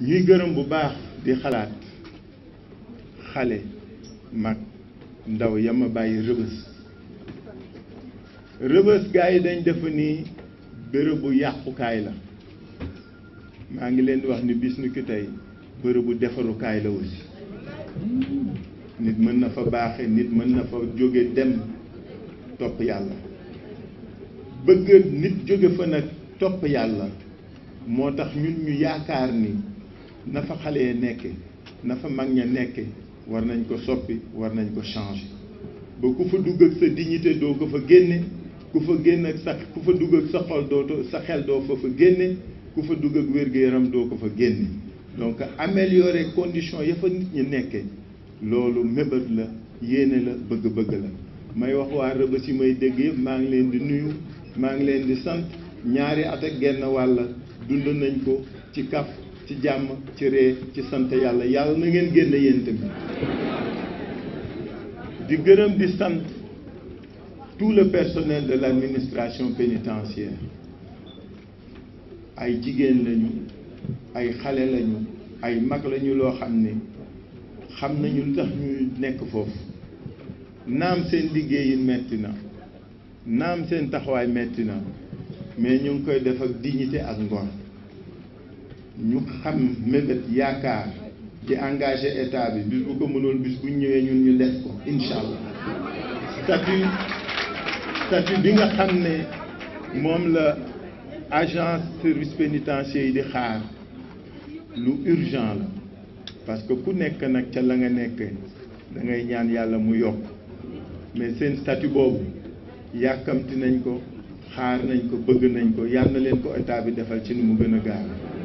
ñuy gërëm bu baax di xalaat xale mag ndaw yama bàyyi rëbës rëbës gars yi dañ def ni bërëbu yàqukaay la maa ngi leen di wax ni bis ni ki tey bërëbu defarukaay la aussi nit mën na fa baaxe nit mën na fa jóge dem topp yàlla bëgg nit jóge fa nag topp yàlla moo tax ñun ñu yaakaar ni na fa xale yi nekke na fa mag ña nekke war nañ ko soppi war nañ ko changer ba ku fa dugg ak sa dignité doo ko fa génne ku fa génn ak ku fa dugg ak sa xol doo sa xel doo fa fa génne ku fa dugg ak wér-gu-yaram doo ko fa génne donc améliorer condition ya fa nit ñi nekke loolu mébét la yéene la bëgg-bëgg la may wax waa Rebeuss yi may dégg yëpp maa ngi leen di nuyu maa ngi leen di sant ñaari at ak genn wàll dund nañ ko ci kaf ci jàmm ci ree ci sant yàlla yàlla na ngeen génn yent bi di gërëm di sant tout le personnel de l'administration pénitentiaire ay jigéen lañu ay xale lañu ay mag lañu loo xam ne xam nañu lu tax ñuy nekk foofu naam seen liggéey yi metti na naam seen taxawaay metti na mais ñu ngi koy def ak dignité ak ngor ñu xam mébét yaakaar di engagé état bi bis bu ko mënoon bis bu ñëwé ñun ñu def ko inshallah statut statut bi nga xamné mom la agence service pénitentiaire yi di xaar lu urgent la parce que ku nekk nak ca la nga nekk da ngay ñaan yalla mu yokk mais sen statut boobu yakamti nañ ko xaar nañ ko bëgg nañ ko yàlla na leen ko état bi defal ci nu mu gën